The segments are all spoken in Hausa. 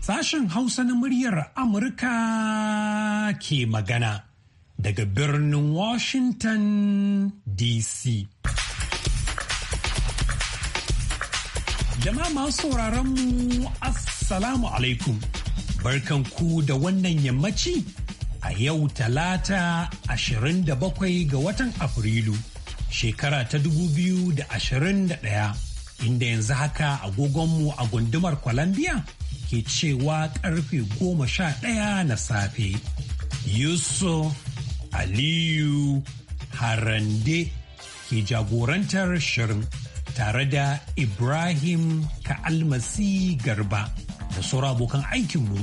Sashen Hausa na muryar Amurka ke magana daga birnin Washington DC. Jama'a masu sauraron mu Assalamu alaikum. Barkan ku da wannan yammaci a yau talata 27 ga watan Afrilu shekara ta 2021 inda yanzu haka agogonmu a gundumar Colombia ke cewa karfe 11 na safe. Yusuf Aliyu Harande ke jagorantar shirin tare da Ibrahim almasi Garba da sauran abokan aikinmu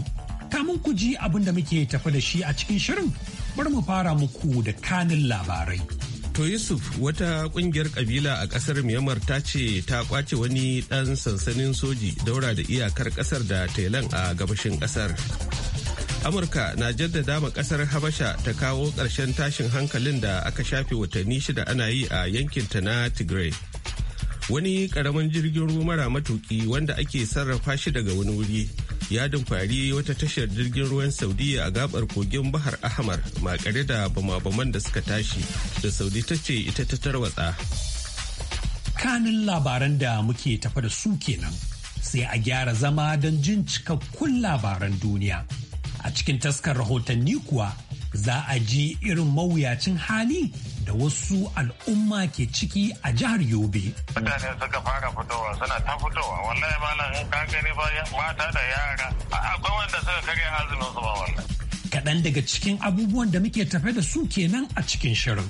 Kamun ku ji abin da muke tafi da shi a cikin shirin bar mu fara muku da kanin labarai. To Yusuf wata kungiyar kabila a kasar Myanmar ta ce ta kwace wani ɗan sansanin soji daura da iyakar kasar da Thailand a gabashin kasar. Amurka na jaddada ma kasar Habasha ta kawo ƙarshen tashin hankalin da aka shafe watanni shida ana yi a yankin ta na Tigray. Wani ƙaramin jirgin ruwa mara matuƙi wanda ake sarrafa shi daga wani wuri ya kwari wata tashar jirgin ruwan saudiya a gabar kogin bahar ahmar makare da bama-baman da suka tashi da saudi ta ce ita ta tarwatsa kanin labaran da muke tafa da su kenan sai a gyara zama don jin cikakkun labaran duniya a cikin taskar rahotanni kuwa za a ji irin mawuyacin hali da wasu al'umma ke ciki a jihar Yobe. Mutane suka fara fitowa suna ta fitowa wallahi malam in ka gani ba mata da yara akwai wanda suka karya azumin su ba wallahi. Kaɗan daga cikin abubuwan da muke tafe da su kenan a cikin shirin.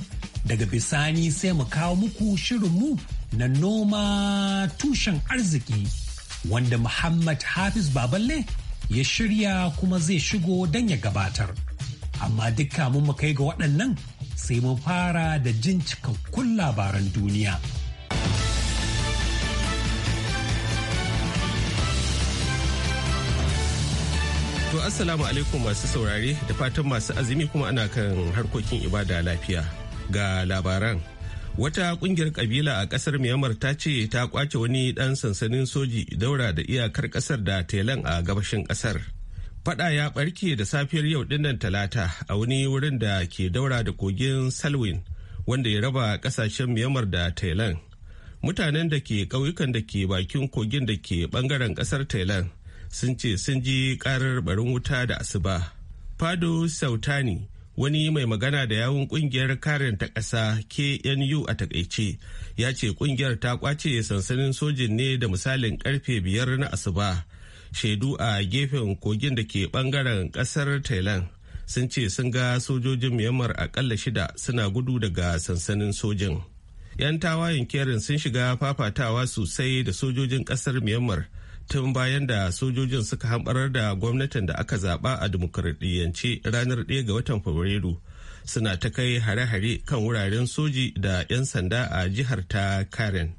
Daga bisani sai mu kawo muku shirin mu na noma tushen arziki wanda Muhammad Hafiz Baballe ya shirya kuma zai shigo don ya gabatar. Amma dukka mu kai ga waɗannan sai mun fara da jin cikakkun labaran duniya. To Assalamu alaikum masu saurare da fatan masu azumi kuma ana kan harkokin ibada lafiya ga labaran. Wata kungiyar kabila a kasar Myanmar ta ce ta kwace wani dan sansanin soji daura da iyakar kasar da telan a gabashin kasar. Fada ya barke da safiyar yau dinnan talata a wani wurin da ke daura da kogin Salwin wanda ya raba kasashen Myanmar da Thailand. Mutanen da ke ƙauyukan da ke bakin kogin da ke bangaren ƙasar Thailand sun ce sun ji karar barin wuta da asuba. Fado Sautani wani mai magana da yawun kungiyar karin ta ƙasa KNU a takaice ya ce kungiyar ta kwace sansanin sojin ne da misalin karfe biyar na asuba shaidu a gefen kogin da ke bangaren kasar thailand sun ce sun ga sojojin myanmar akalla shida suna gudu daga sansanin sojin yan tawayen kerin sun shiga fafatawa sosai da sojojin kasar myanmar tun bayan da sojojin suka hambarar da gwamnatin da aka zaba a dimokuraɗiyyance ranar 1 ga watan fabrairu suna ta kai hare-hare kan wuraren soji da 'yan sanda a jihar ta karen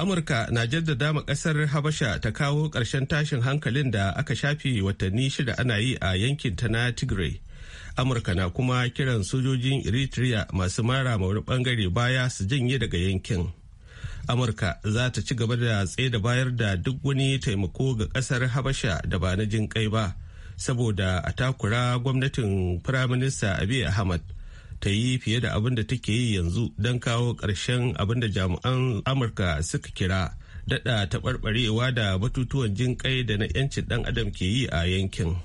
amurka na jaddada ma kasar habasha ta kawo ƙarshen tashin hankalin da aka shafi watanni shida ana yi a yankin ta na tigray amurka na kuma kiran sojojin eritrea masu mara wani bangare baya su janye daga yankin amurka za ta ci gaba da tsaye da bayar da duk wani taimako ga kasar habasha da ba na jin kai ba saboda a takura gwamnatin firaminista abiy ahmad ta yi fiye da abin da take yi yanzu don kawo ƙarshen abin da jami'an amurka suka kira daɗa taɓarɓarewa da batutuwan jin kai da na 'yancin ɗan adam ke yi a yankin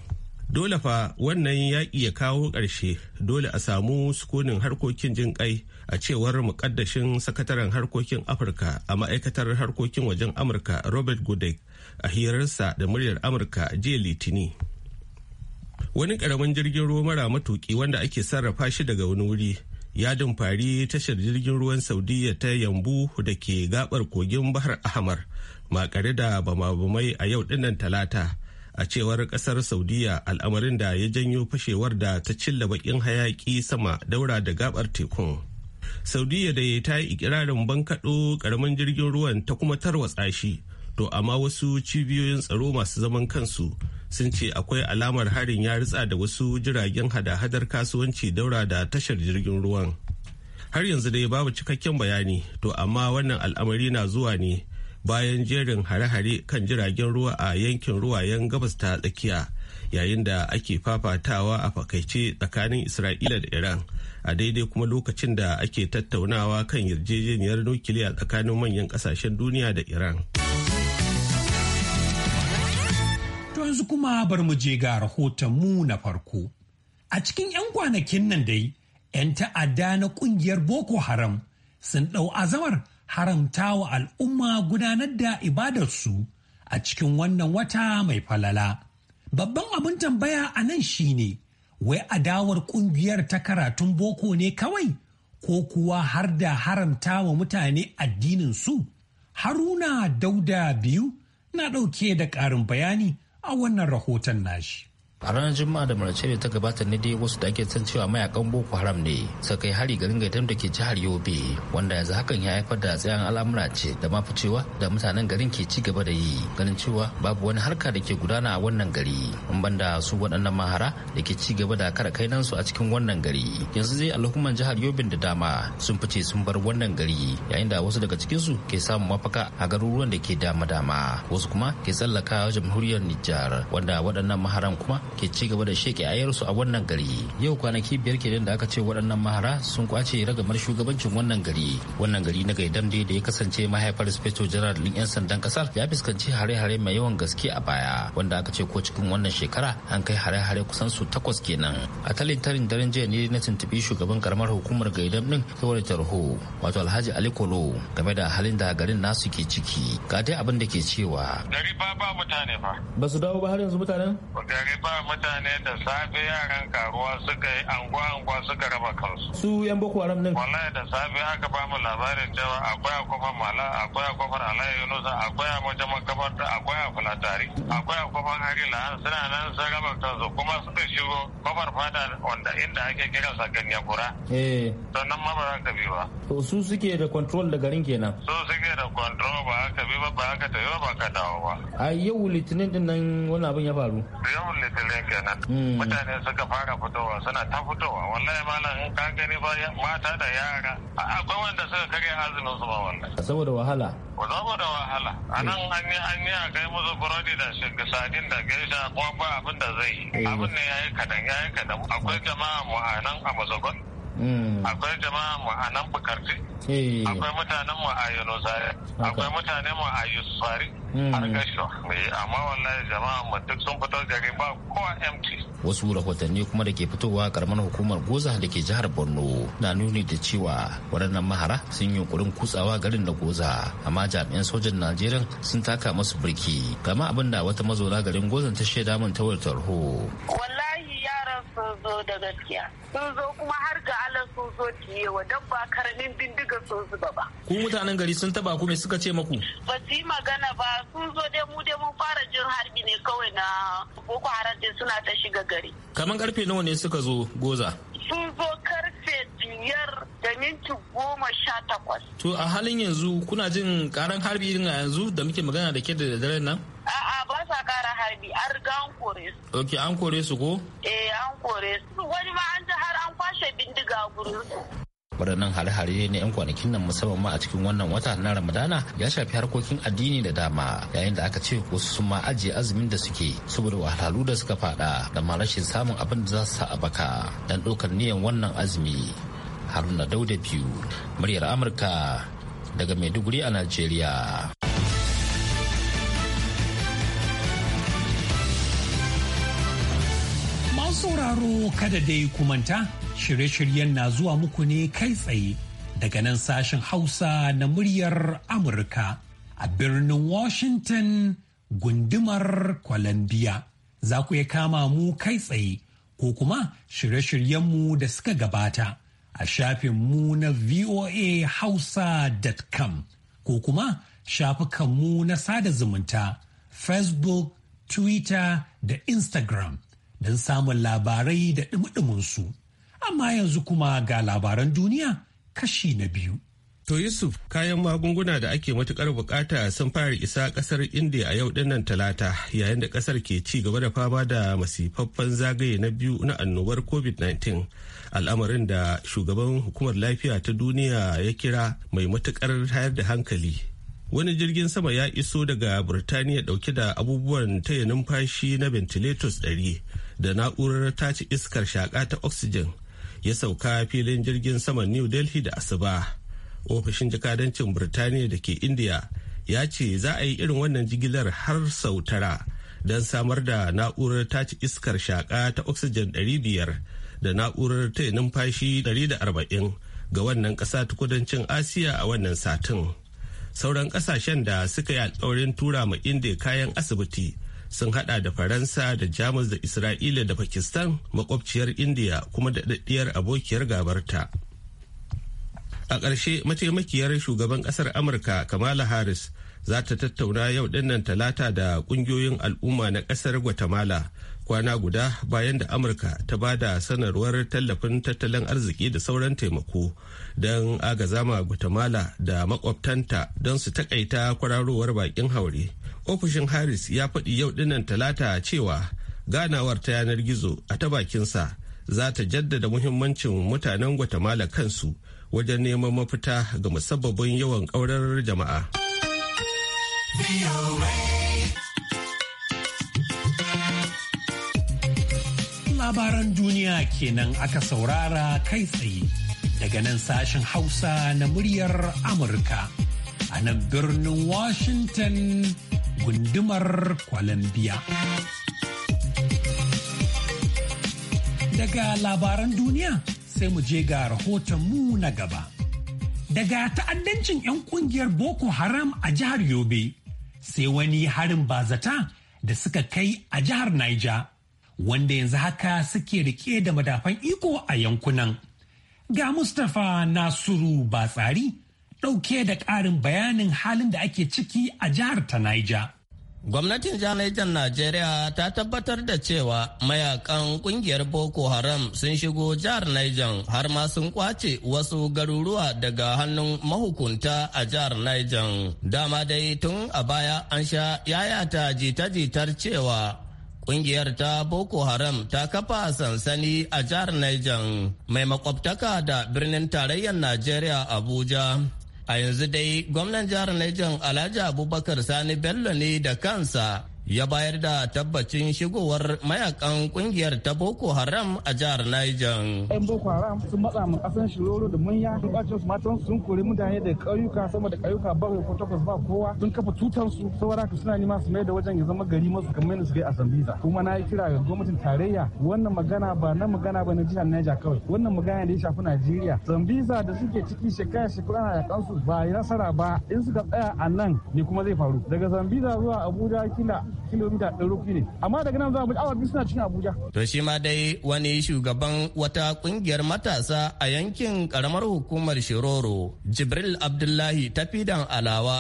dole fa wannan yaƙi ya kawo ƙarshe dole a samu sukunin harkokin jin kai a cewar muƙaddashin sakataren harkokin afirka a ma'aikatar harkokin wajen amurka robert gudek a hirarsa da muryar amurka jiya litini. wani karamin jirgin ruwa mara matuki wanda ake sarrafa shi daga wani wuri ya dumfari tashar jirgin ruwan saudiya ta yambu da ke gabar kogin bahar ahmar makare da bama-bamai a yau dinnan talata a cewar kasar saudiya al'amarin da ya janyo fashewar da ta cilla bakin hayaki sama daura da gabar tekun saudiya da ta yi ikirarin bankaɗo karamin jirgin ruwan ta kuma tarwatsa shi to amma wasu cibiyoyin tsaro masu zaman kansu sun ce akwai alamar harin ya ritsa da wasu jiragen hada-hadar kasuwanci daura da tashar jirgin ruwan har yanzu dai babu cikakken bayani to amma wannan al'amari na zuwa ne bayan jerin hare-hare kan jiragen ruwa a yankin ruwayen gabas ta tsakiya yayin da ake fafatawa a fakaice tsakanin isra'ila da iran a daidai kuma lokacin da ake tattaunawa kan yarjejeniyar nukiliya tsakanin manyan kasashen duniya da iran. yanzu kuma bar mu je ga rahotonmu na farko. A cikin 'yan kwanakin nan dai, 'yan ta'adda na ƙungiyar Boko Haram sun ɗau azamar haramta wa al'umma gudanar da ibadarsu a cikin wannan wata mai falala. Babban abin tambaya a nan shi ne, wai adawar ƙungiyar ta karatun boko ne kawai, ko kuwa har da haramta wa mutane addinin su? Haruna Dauda biyu na ɗauke da ƙarin bayani أو أن الرخوة الناجي a ranar juma'a da marace da ta gabata ne dai wasu da ake san cewa mayakan boko haram ne suka kai hari garin gaitam da ke jihar yobe wanda yanzu hakan ya haifar da tsayan al'amura ce da mafi cewa da mutanen garin ke ci gaba da yi ganin cewa babu wani harka da ke gudana a wannan gari in banda su waɗannan mahara da ke ci gaba da kara kai nan su a cikin wannan gari yanzu dai al'umman jihar yobe da dama sun fice sun bar wannan gari yayin da wasu daga su ke samun mafaka a garuruwan da ke dama-dama wasu kuma ke tsallaka jamhuriyar Nijar wanda waɗannan maharan kuma ke ci gaba da sheke ayarsu a wannan gari yau kwanaki biyar kenan da aka ce waɗannan mahara sun kwace ragamar shugabancin wannan gari wannan gari na gaidam dai da ya kasance mahaifar speto general din yan sandan kasar ya fuskanci hare-hare mai yawan gaske a baya wanda aka ce ko cikin wannan shekara an kai hare-hare kusan su takwas kenan a talin tarin daren jiya ne na tuntubi shugaban karamar hukumar gaidam din saboda tarho wato alhaji ali kolo game da halin da garin nasu ke ciki ga dai abin da ke cewa gari ba ba mutane ba ba su dawo ba har yanzu mutanen gari ba mutane da safe yaran karuwa suka yi anguwa anguwa suka raba kansu su yan boko haram nan wallahi da safe aka ba mu labarin cewa akwai a kofar mala akwai a kofar alayi yunusa akwai a wajen da akwai a fulatari akwai a kofar harila suna nan sun raba kansu kuma suka shigo kofar fata wanda inda ake kira sa ganya kura eh sannan ma ba za ka bi ba to su suke da control da garin kenan su suke da control ba aka bi ba ba aka tafi ba ba ka dawo ba a yau litinin din nan wani abin ya faru yau litinin ne kenan hmm. mutane suka fara fitowa suna ta fitowa wallahi malam in ka gani ba mata da yara akwai wanda suka karya azumin su ba wallahi saboda wahala saboda wahala anan an yi an yi a kai musu burodi da sadin da gaisha kuma ba abin da zai yi eh. abin ne yayi kadan yayi kadan akwai jama'a mu nan a mazagon Mm. akwai jama'a mu a nan bukarfi eh. akwai mutanen mu a yunusari akwai mutanen mu a yusufari mm. har gasho eh, amma wallahi jama'a mu duk sun fito gari ba kowa mt. wasu rahotanni kuma da ke fitowa karamar hukumar goza da ke jihar borno na nuni da cewa waɗannan mahara sun yi yunkurin kutsawa garin da goza amma jami'an sojan najeriya sun taka masu birki kama abin da wata mazauna garin gozan ta shaida min ta tarho. wallahi sun zo da gaskiya sun zo kuma har ga Allah sun zo tiyewa don ba karamin bindiga sun zuba ba. Ku mutanen gari sun taba ku me suka ce maku? Ba su yi magana ba sun zo dai mu dai mun fara jin harbi ne kawai na Boko Haram din suna ta shiga gari. Kaman karfe nawa ne suka zo goza? Sun zo karfe biyar da minti goma sha takwas. To a halin yanzu kuna jin karan harbi irin a yanzu da muke magana da ke da daren nan? A'a ba sa kara harbi an kore su. Ok, an kore su ko? Eh, an kore su. Wani ma an ji har an kwashe bindiga gurin su. waɗannan hare-hare na 'yan kwanakin nan musamman ma a cikin wannan wata na ramadana ya shafi harkokin addini da dama yayin da aka ce wasu sun ma ajiye azumin da suke saboda wahalhalu da suka fada da ma rashin samun abin da za su sa a baka don ɗaukar niyan wannan azumi haruna dauda biyu muryar amurka daga maiduguri a najeriya sauraro kada dai kumanta shirye-shiryen na zuwa muku ne kai tsaye daga nan sashen Hausa na muryar Amurka a birnin Washington gundumar Columbia. Za ku iya kama mu kai tsaye ko kuma shirye-shiryenmu da suka gabata a shafinmu na voa hausa.com ko kuma shafukanmu na sada zumunta Facebook, Twitter da Instagram. don samun labarai da su Amma yanzu kuma ga labaran duniya kashi na biyu. To Yusuf kayan magunguna da ake matukar bukata sun fara isa ƙasar India a yau dinnan talata yayin da ƙasar ke ci gaba da fama da masifaffen zagaye na biyu na annobar COVID-19 al'amarin da shugaban hukumar lafiya ta duniya ya kira mai matukar tayar da hankali wani jirgin sama ya iso daga burtaniya dauke da abubuwan taya numfashi na ventilators 100 da na'urar tace iskar shaka ta oxygen ya sauka filin jirgin sama new delhi da asuba ofishin jakadancin burtaniya da ke india ya ce za a yi irin wannan jigilar har sau tara don samar da na'urar tace iskar shaka ta oxygen 500 da na'urar taya numfashi 140 ga wannan ƙasa ta kudancin asiya a wannan satin. sauran kasashen da suka yi alkawarin tura ma indiya kayan asibiti sun hada da faransa da jamus da isra'ila da pakistan makwabciyar indiya kuma da daddiyar abokiyar gabarta a ƙarshe mataimakiyar shugaban ƙasar amurka kamala harris za ta tattauna yau dinnan talata da ƙungiyoyin al'umma na ƙasar guatemala kwana guda bayan da amurka ta ba da sanarwar tallafin tattalin arziki da sauran taimako don agazama guatemala da makwabtanta don su takaita kwararowar bakin haure ofishin harris ya faɗi yau dinnan talata cewa ganawar ta yanar gizo a ta bakinsa za ta jaddada muhimmancin mutanen guatemala kansu wajen neman mafita ga musabbabin yawan jama'a. labaran duniya kenan aka saurara kai tsaye daga nan sashen hausa na muryar amurka a nan birnin washington gundumar columbia daga labaran duniya sai mu je ga rahotonmu na gaba daga ta'addancin 'yan kungiyar boko haram a jihar yobe sai wani harin bazata da suka kai a jihar niger wanda yanzu haka suke rike da madafan iko a yankunan. Ga Mustapha Nasiru Batsari ɗauke da ƙarin bayanin halin da ake ciki a jihar ta Niger. Gwamnatin jihar Najeriya ta tabbatar da cewa mayakan kungiyar Boko Haram sun shigo jihar Niger har ma sun kwace wasu garuruwa daga hannun mahukunta a jihar Niger. Dama dai tun a baya an sha yayata jita-jitar cewa Ƙungiyar ta Boko Haram ta kafa sansani a jihar Niger mai makwabtaka da birnin tarayyar Najeriya Abuja. A yanzu dai gwamnan jihar Niger Alhaji Abubakar Sani Bello ne da kansa ya bayar da tabbacin shigowar mayakan kungiyar ta Boko Haram a jihar Niger. Yan Boko Haram sun matsa mu kasan shiroro da manya sun su matan sun kori mutane da ƙauyuka sama da ƙauyuka bakwai ko takwas ba kowa sun kafa tutan su saboda ka suna nema su mai da wajen ya zama gari masu kamar yadda suka a Zambiza. Kuma na yi kira ga gwamnatin tarayya wannan magana ba na magana ba na jihar Niger kawai wannan magana da ya shafi Najeriya. Zambiza da suke ciki shekara shekara na yakan su ba nasara ba in suka tsaya a nan ne kuma zai faru. Daga Zambiza zuwa Abuja kila kilomita ne amma daga nan za mu awa suna cikin abuja. to shi ma dai wani shugaban wata kungiyar matasa a yankin ƙaramar hukumar shiroro jibril abdullahi tafidan alawa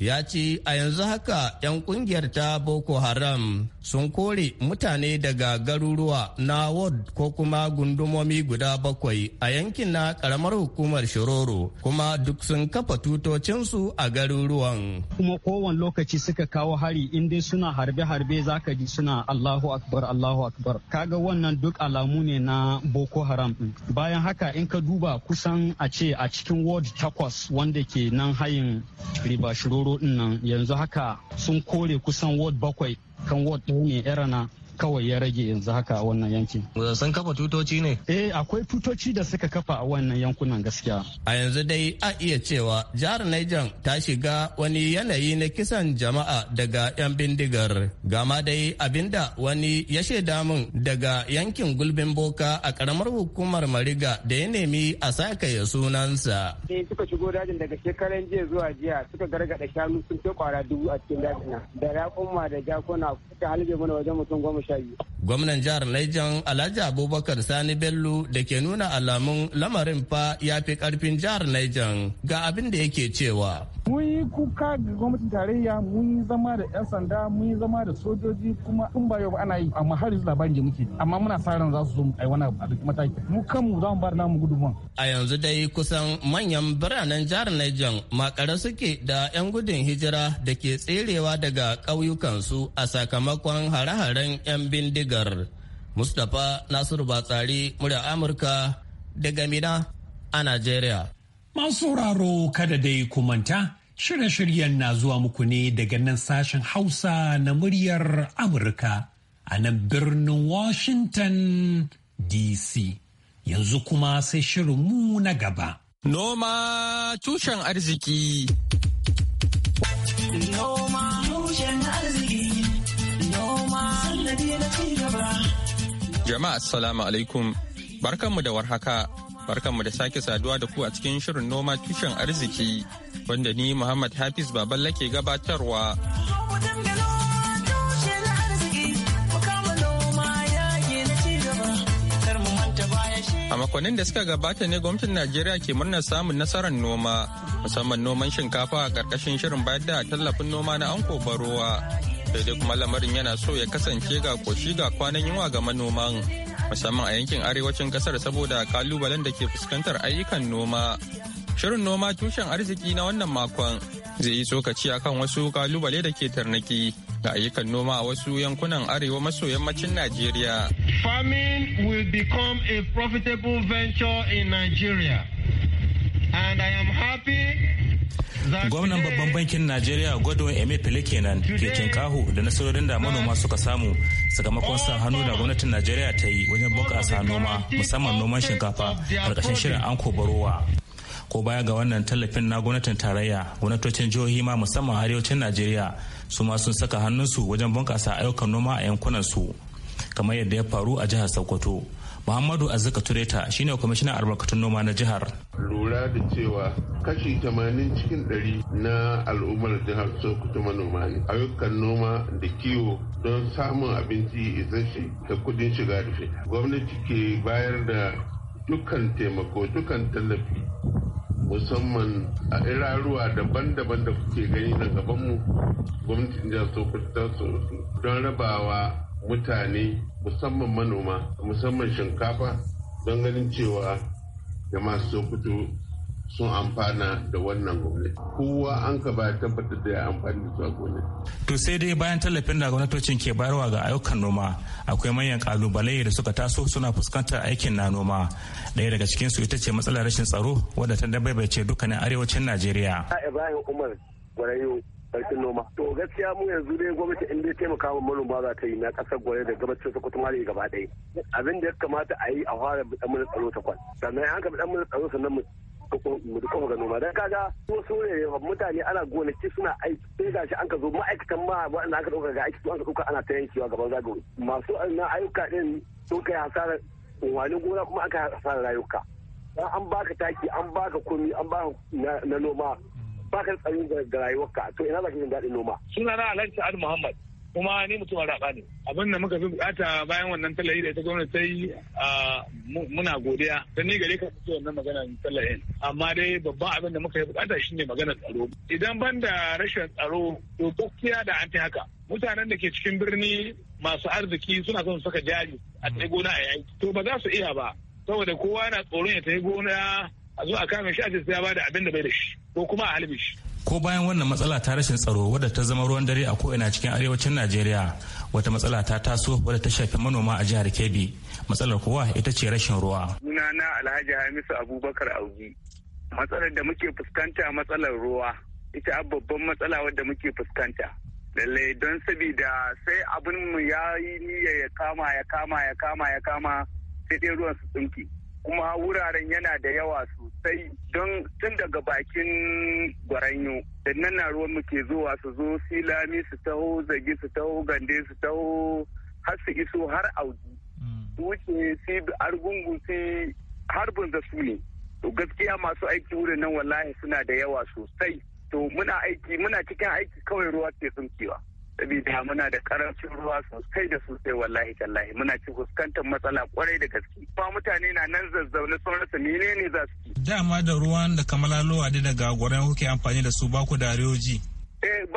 ya ce a yanzu haka 'yan kungiyar ta boko haram sun kore mutane daga garuruwa na ward ko kuma gundumomi guda bakwai a yankin na karamar hukumar shiroro kuma duk sun kafa tutocinsu a garuruwan kuma kowane lokaci suka kawo hari in dai suna harbe-harbe zaka ji suna allahu akbar allahu akbar kaga wannan duk alamu ne na boko haram bayan haka in ka duba kusan a ce a cikin ward takwas wanda ke nan hayin riba shiroro nan yanzu haka sun kore kusan ward bakwai 跟我赌你这了呢。kawai ya rage yanzu haka a wannan yankin. Sun kafa tutoci ne? Eh akwai tutoci da suka kafa a wannan yankunan gaskiya. A yanzu dai a iya cewa jihar Niger ta shiga wani yanayi na kisan jama'a daga 'yan bindigar. Gama dai abinda wani ya shaida mun daga yankin gulbin boka a karamar hukumar Mariga da ya nemi a sakaye sunansa. Eh suka shigo dajin daga shekaran jiya zuwa jiya suka gargada shanu sun ta kwara dubu a cikin dajin da raƙumma da jakuna suka halbe mana wajen mutum goma Gwamnan jihar Laijan Alhaji Abubakar Sani Bello da ke nuna alamun lamarin fa ya fi karfin jihar Laijan ga abin da yake cewa. Mun yi kuka ga gwamnatin tarayya mun yi zama da 'yan sanda mun yi zama da sojoji kuma in ba yau ana yi amma har yanzu labarin da muke amma muna sa ran za su zo ai wani abu a mataki mu kanmu za mu bar namu gudunmuwa. A yanzu dai kusan manyan biranen jihar Laijan makare suke da 'yan gudun hijira da ke tserewa daga ƙauyukansu a sakamakon hare-haren 'yan 'yan bindigar. Mustapha Nasiru Batsari murya Amurka daga Mina a Najeriya. Masu raro kada dai kumanta shirye-shiryen na zuwa muku ne daga nan sashen Hausa na muryar Amurka a nan birnin Washington DC. Yanzu kuma sai shirinmu na gaba. Noma tushen arziki. Noma tushen arziki. Jama'a assalamu alaikum barkanmu da warhaka barkanmu da sake saduwa da ku a cikin shirin noma tushen arziki wanda ni Muhammad Hafiz Baballa ke gabatarwa. A makonin da suka gabata ne gwamnatin Najeriya ke murnar samun nasarar noma musamman noman shinkafa a ƙarƙashin shirin bayar da tallafin noma na anko barowa sai dai kuma lamarin yana so ya kasance ga koshi ga kwanan yunwa ga manoman musamman a yankin arewacin kasar saboda kalubalen da ke fuskantar ayyukan noma shirin noma tushen arziki na wannan makon zai yi tsokaci kan wasu kalubale da ke tarnaki ga ayyukan noma a wasu yankunan arewa maso yammacin najeriya farming will become a profitable venture in nigeria and i am happy gwamnan babban bankin najeriya godwin emefiele kenan ke kinkahu da nasarorin da manoma suka samu sakamakon sa hannu da gwamnatin najeriya ta yi wajen bunƙasa noma musamman noman shinkafa ƙarƙashin shirin anko barowa ko baya ga wannan tallafin na gwamnatin tarayya gwamnatocin jihohi ma musamman arewacin najeriya su ma sun saka hannunsu wajen bunƙasa ayyukan noma a yankunan su kamar yadda ya faru a jihar sokoto Muhammadu Azuka Tureta shine kwamishinan albarkatun noma na jihar. Lura da cewa kashi tamanin cikin 100 na al'ummar jihar Sokoto manoma ne. Ayyukan noma da kiwo don samun abinci isasshe da kudin shiga da fita. Gwamnati ke bayar da dukkan taimako dukkan tallafi musamman a iraruwa daban-daban da kuke gani na gabanmu gwamnatin jihar Sokoto ta don rabawa mutane musamman manoma musamman shinkafa don ganin cewa da su fito sun amfana da wannan gwamnati kowa an ka ba tabbatar da ya amfani da zuwa gwamnati. to sai dai bayan tallafin da gwamnatocin ke bayarwa ga ayyukan noma akwai manyan kalubale da suka taso suna fuskantar aikin na noma ɗaya daga cikin su ita ce matsalar rashin tsaro wadda ta dabaibace dukkanin arewacin najeriya ibrahim umar gwarayo sarkin noma to gaskiya mu yanzu dai gwamnati in dai taimaka wa manoma za ta yi na kasar gwale da gabacin sokoto mali gaba ɗaya abin da ya kamata a yi a fara bidan mana tsaro ta kwan sannan an ka bidan mana tsaro sannan mu mu duka ga noma dan kaga wasu ne mutane ana gonaki suna aiki sai gashi an ka zo ma'aikatan ma waɗanda aka ɗauka ga aiki su an ka ɗauka ana ta yankewa gaban zagaye masu na ayyuka ɗin sun kai hasarar wani gona kuma aka hasarar rayuka an baka taki an baka komi an baka na noma ba ka tsaro ga rayuwarka to ina za ka jin daɗin noma. suna na alhaji sa'ad muhammad kuma ni mutum raɓa ne abin da muka fi bukata bayan wannan tallafi da ita gwamnati ta yi muna godiya don ni gare ka fito wannan magana tallafin amma dai babban abin da muka yi bukata shine magana tsaro idan ban da rashin tsaro to gaskiya da an ta haka mutanen da ke cikin birni masu arziki suna son saka jari a tai gona a yayi to ba za su iya ba saboda kowa yana tsoron ya ta gona a zo a kame shi a ya bada abin da bai da shi ko kuma a halbe shi ko bayan wannan matsala ta rashin tsaro wadda ta zama ruwan dare a ko'ina cikin arewacin najeriya wata matsala ta taso wadda ta shafi manoma a jihar kebbi matsalar kuwa ita ce rashin ruwa sunana alhaji hamisu abubakar augi matsalar da muke fuskanta matsalar ruwa ita babban matsala wadda muke fuskanta lallai don sabida sai abin mu ya yi niyya ya kama ya kama ya kama ya kama sai dai ruwan su tsinki kuma wuraren yana da yawa sosai don tun daga bakin gwaranyo da nan na ruwan muke zuwa su zo silami su taho zagi su taho gande su taho har su iso har audi mm. su wuce su argungu su harbin da su ne to gaskiya masu aiki wurin nan wallahi suna da yawa sosai to muna aiki muna cikin aiki kawai ruwa ke tsinkewa saboda muna da karancin ruwa sosai da sosai wallahi tallahi muna ci fuskantar matsala kwarai da gaske ba mutane na nan zazzaune sun rasa menene za su yi dama da ruwan da kamalalowa da daga gwaran kuke amfani da su ba ku da riyoji eh,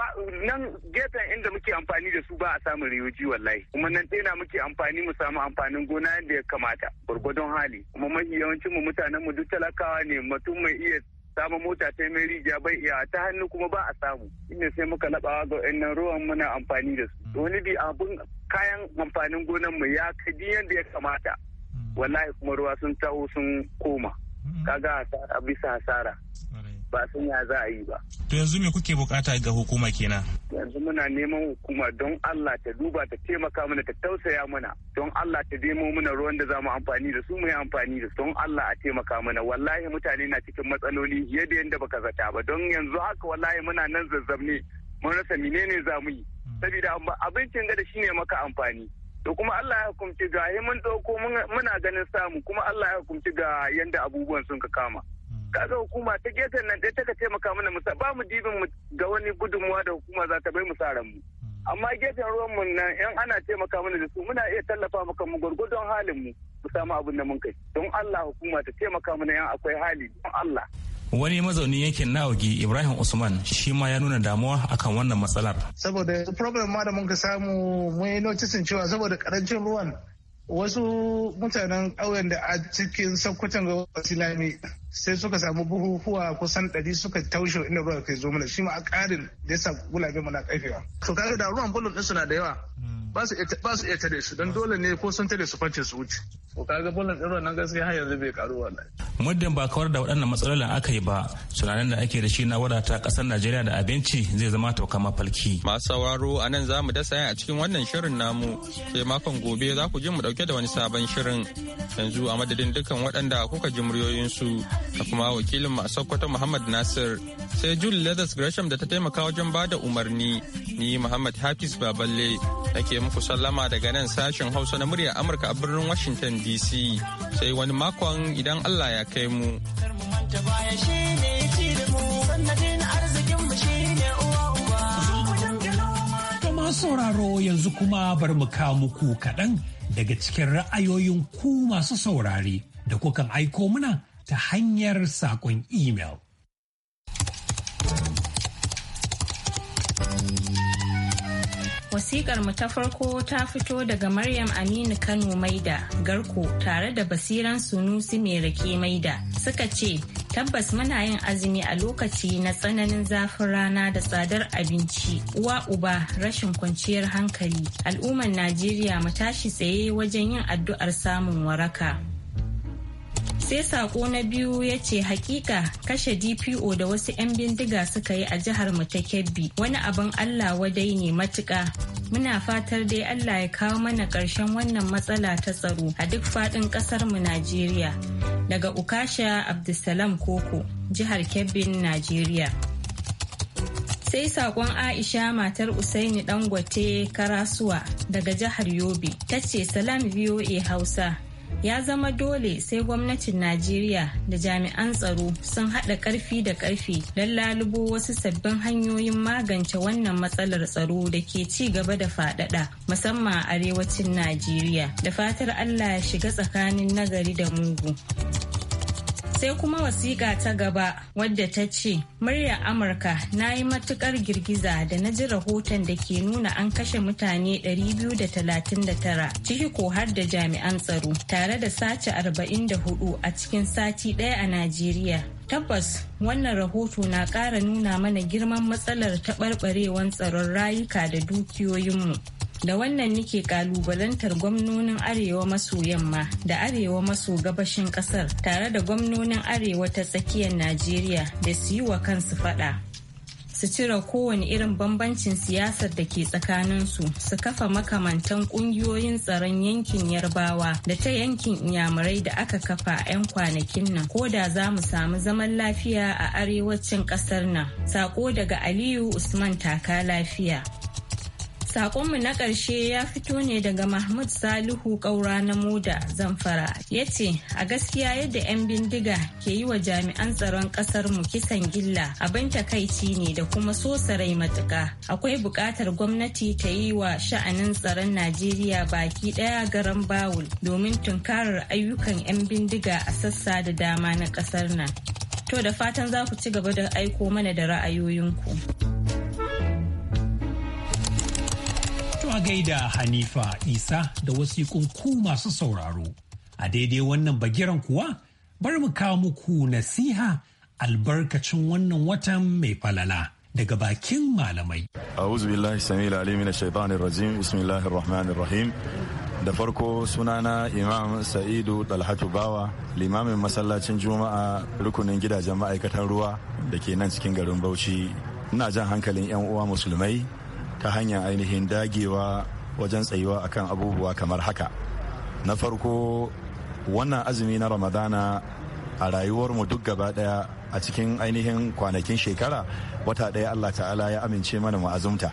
nan gefen inda muke amfani da su ba a samun riyoji wallahi kuma nan tsena muke amfani mu samu amfanin gona yadda ya kamata gwargwadon hali kuma mafi yawancin mu mutanen mu duk talakawa ne mutum mai iya samu mota ta mai rijiya bai iya ta hannu kuma ba a samu inda sai muka labawa ga wannan ruwan muna amfani da su mm. wani bi abun kayan amfanin gonan mu ya kadi yadda ya kamata mm. wallahi kuma ruwa sun taho sun koma mm. kaga a bisa hasara ba sun ya za a yi ba. To yanzu me kuke bukata ga hukuma kenan? Yanzu muna neman hukuma don Allah ta duba ta taimaka mana ta tausaya mana don Allah ta demo mana ruwan da za mu amfani da su mu yi amfani da su don Allah a taimaka mana wallahi mutane na cikin matsaloli yadda yadda baka zata ba don yanzu haka wallahi muna nan zazzab ne mun rasa menene za mu yi hmm. saboda abincin gada shine maka amfani. to kuma Allah ya hukunci ga mun ɗauko muna ganin samu kuma Allah ya hukunci ga yadda abubuwan sun ka kama. kaga hukuma ta gefen nan dai taka taimaka mana musa ba mu dibin mu ga wani gudunmuwa da hukuma za ta bai mu sa mu hmm. amma gefen ruwan mu nan yan ana taimaka mana da su muna iya tallafa maka mu gwargwadon halin mu mu samu abin da mun kai don Allah hukuma ta taimaka mana yan akwai hali don Allah wani mazaunin yankin nawagi ibrahim usman shi ma ya nuna damuwa akan wannan matsalar saboda problem ma da ka samu mun yi notisin cewa saboda karancin ruwan wasu mutanen ƙauyen da a cikin sakkwatan ga silami. sai suka samu buhuhuwa kusan ɗari suka taushe inda ruwa kai zo mana shi ma a ƙarin da yasa gulabe mana kafewa to kaga da ruwan bulun ɗinsu na da yawa hmm. ba su iya tare su don dole ne ko sun tare su fance su wuce ko kaga bulun ɗin ruwan nan gaskiya har yanzu bai karu wallahi muddin ba kawar da waɗannan matsalolin aka yi ba tunanin da ake da shi na wadata ƙasar Najeriya da abinci zai zama to kama falki masu sauraro a nan za mu dasa a cikin wannan shirin namu sai makon gobe za ku ji mu ɗauke da wani sabon shirin yanzu a madadin dukkan waɗanda kuka ji muryoyinsu da kuma wakilin a Sokoto Muhammad Nasir sai Jul Leathers Gresham da ta taimaka wajen ba da umarni ni Muhammad Hafiz Baballe ake muku sallama daga nan sashen Hausa na muryar Amurka a birnin Washington DC sai wani makon idan Allah ya kai mu. sauraro yanzu kuma bar mu kawo muku kaɗan daga cikin ra'ayoyin ku masu saurari da kukan aiko muna ta hanyar saƙon imel. Wasikar mu ta farko ta fito daga Maryam Aminu Kano Maida Garko tare da Basiran Sunusi mai rake Maida suka ce tabbas muna yin azumi a lokaci na tsananin zafin rana da tsadar abinci uwa uba rashin kwanciyar hankali al'ummar Najeriya mu tashi tsaye wajen yin addu'ar samun waraka. sai sako na biyu ya ce hakika kashe dpo da wasu 'yan bindiga suka yi a jihar mu ta kebbi wani abin allah wadai ne matuka muna fatar dai allah ya kawo mana ƙarshen wannan matsala ta tsaro a duk faɗin ƙasar mu najeriya daga ukasha abdulsalam koko jihar kebbin najeriya sai sakon aisha matar usaini dangote karasuwa daga jihar yobe ta ce salam voa hausa ya zama dole sai gwamnatin najeriya da jami'an tsaro sun haɗa ƙarfi da ƙarfi don lalubo wasu sabbin hanyoyin magance wannan matsalar tsaro da ke ci gaba da faɗaɗa musamman a arewacin najeriya da fatar allah ya shiga tsakanin nagari da mugu Sai kuma wasiƙa ta gaba wadda ta ce, murya Amurka na yi matukar girgiza da na ji rahoton da ke nuna an kashe mutane 239 ciki ko har da jami'an tsaro tare da sace 44 a cikin sati ɗaya a Najeriya. Tabbas wannan rahoto na ƙara nuna mana girman matsalar taɓarɓarewan tsaron rayuka da dukiyoyinmu. da wannan nike kalubalantar gwamnonin arewa maso yamma da arewa maso gabashin kasar tare da gwamnonin arewa ta tsakiyar najeriya da su yi wa kansu fada su cire kowane irin bambancin siyasar da ke tsakaninsu su kafa makamantan kungiyoyin tsaron yankin yarbawa da ta yankin Iyamurai da aka kafa a 'yan kwanakin nan ko da za mu samu zaman lafiya a arewacin kasar nan sako daga aliyu usman taka lafiya Sakonmu na ƙarshe ya fito ne daga Mahmud Salihu ƙaura na Moda Zamfara. Ya ce, a gaskiya yadda 'yan bindiga ke yi wa jami'an tsaron ƙasar mu kisan gilla abin takaici ne da kuma sosa rai matuka. Akwai buƙatar gwamnati ta yi wa sha'anin tsaron Najeriya baki ɗaya garan bawul domin tunkarar ayyukan 'yan bindiga a sassa da dama na ƙasar nan. To da fatan za ku ci gaba da aiko mana da ra'ayoyinku. gaida Hanifa Isa da wasiƙun ku masu sauraro. A daidai wannan bagiran kuwa, bari mu kawo muku nasiha albarkacin wannan watan mai falala. daga bakin malamai. A'udhu billahi Da farko sunana Imam Sa'idu Dalhatu Bawa, limamin masallacin Juma'a rukunin gidajen ma'aikatan ruwa da ke nan cikin garin Bauchi. Ina jan hankalin 'yan uwa musulmai ta hanyar ainihin dagewa wajen tsayuwa akan abubuwa kamar haka na farko wannan azumi na ramadana a rayuwarmu duk gaba daya a cikin ainihin kwanakin shekara wata daya allah ta'ala ya amince mana ma'azumta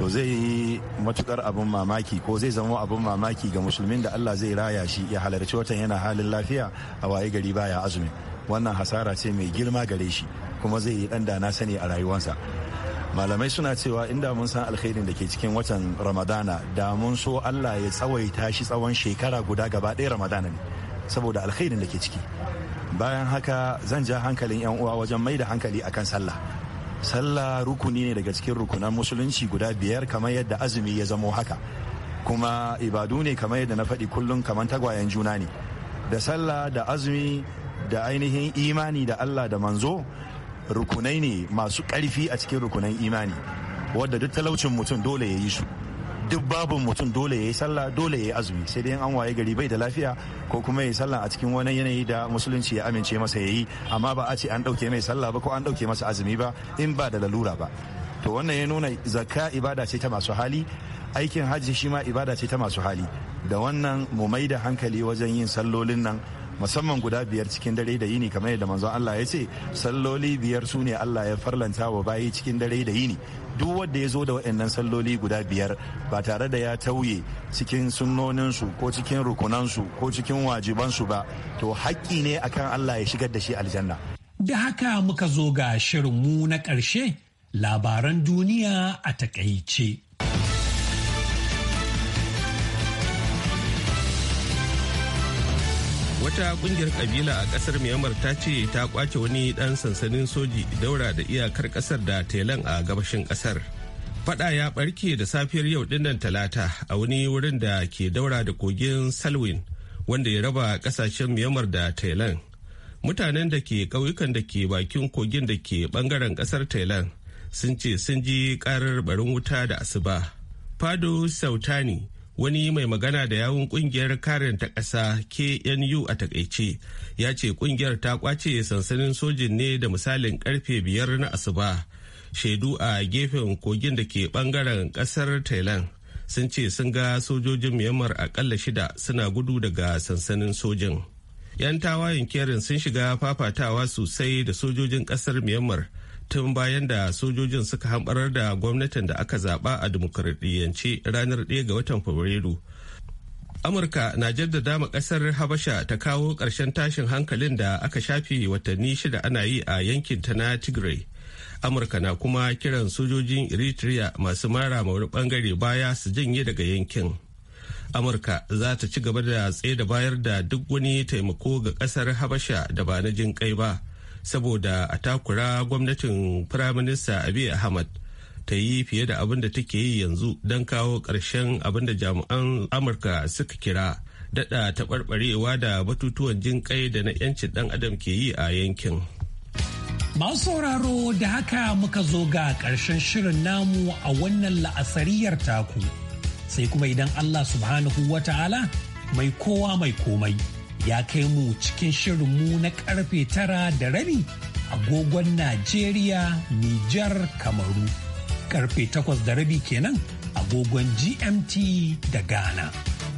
to zai yi matukar abin mamaki ko zai zama abin mamaki ga musulmin da allah zai raya shi ya halarci watan yana halin lafiya a waye gari baya azumi wannan hasara ce mai girma gare shi kuma zai yi dan dana sani a rayuwarsa malamai suna cewa inda mun san alkhairin da ke cikin watan ramadana da mun so allah ya tsawaita shi tsawon shekara guda gaba ɗaya ramadana ne saboda alkhairin da ke ciki bayan haka zan ja hankalin yan uwa wajen mai da hankali akan sallah sallah rukuni ne daga cikin rukunan musulunci guda biyar kamar yadda azumi ya zamo haka kuma ibadu ne kamar yadda na faɗi kullum kamar tagwayen juna ne da sallah da azumi da ainihin imani da allah da manzo rukunai ne masu ƙarfi a cikin rukunan imani wadda duk talaucin mutum dole ya yi su duk babin mutum dole ya yi sallah dole ya yi azumi sai dai an waye gari bai da lafiya ko kuma ya yi sallah a cikin wani yanayi da musulunci ya amince masa ya yi amma ba a ce an ɗauke mai sallah ba ko an ɗauke masa azumi ba in ba da lalura ba to wannan ya nuna zakka ibada ce ta masu hali aikin hajji shi ma ibada ce ta masu hali da wannan mu mai da hankali wajen yin sallolin nan musamman guda biyar cikin dare da yini kamar yadda manzon Allah ya ce salloli biyar sune Allah ya farlanta wa bayi cikin dare da yini duk wanda ya zo da waɗannan salloli guda biyar ba tare da ya tauye cikin sunnoninsu ko cikin rukunansu ko cikin wajibansu ba to haƙƙi ne akan Allah ya shigar da shi aljanna. Da haka muka zo ga shirinmu na ƙarshe labaran duniya a takaice. wata kungiyar kabila a kasar myanmar ta ce ta kwace wani dan sansanin soji daura da iyakar kasar da telan a gabashin kasar fada ya barke da safiyar yau dinnan talata a wani wurin da ke daura da kogin salwin wanda ya raba kasashen myanmar da telan mutanen da ke ƙauyukan da ke bakin kogin da ke bangaren kasar telan sun ce sun ji karar barin wuta da asuba fado sautani wani mai magana da yawun kungiyar karin ta ƙasa knu a takaice ya ce kungiyar ta kwace sansanin sojin ne da misalin karfe biyar na asuba shaidu a gefen kogin da ke bangaren ƙasar thailand sun ce sun ga sojojin myanmar akalla shida suna gudu daga sansanin sojin yan tawayen kerin sun shiga fafatawa sosai da sojojin ƙasar myanmar tun bayan da sojojin suka hambarar da gwamnatin da aka zaba a dimokuraɗiyyance ranar 1 ga watan fabrairu amurka na jaddada dama kasar habasha ta kawo ƙarshen tashin hankalin da aka shafe watanni shida ana yi a yankin ta na tigray amurka na kuma kiran sojojin eritrea masu mara ma bangare baya su janye daga yankin amurka za ta ci gaba da tsaye da bayar da duk wani taimako ga kasar habasha da ba na jin kai ba saboda a takura gwamnatin firaminista abiy ahmad ta yi fiye da abin da take yi yanzu don kawo ƙarshen abin da jami'an amurka suka kira daɗa taɓarɓarewa da batutuwan jin kai da na 'yancin ɗan adam ke yi a yankin masu sauraro da haka muka zo ga ƙarshen shirin namu a wannan la'asariyar taku sai kuma idan allah subhanahu wata'ala mai kowa mai komai ya kai mu cikin shirin mu na karfe tara da rabi agogon Najeriya, Nijar, Kamaru. Karfe takwas da rabi kenan agogon GMT da Ghana.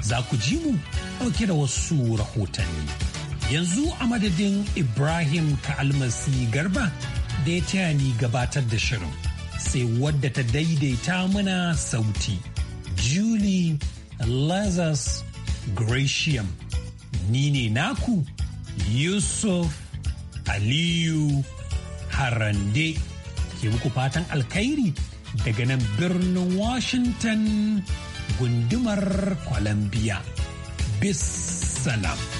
Za ku ji mu ɗauke da wasu rahotanni. Yanzu a madadin Ibrahim Ka'almasi Garba da ya taya ni gabatar da shirin. Sai wadda ta daidaita mana sauti. Julie Lazarus Gratiam. ni ne naku Yusuf Aliyu Harande ke muku fatan alkhairi daga nan birnin Washington gundumar Columbia. Bis salam.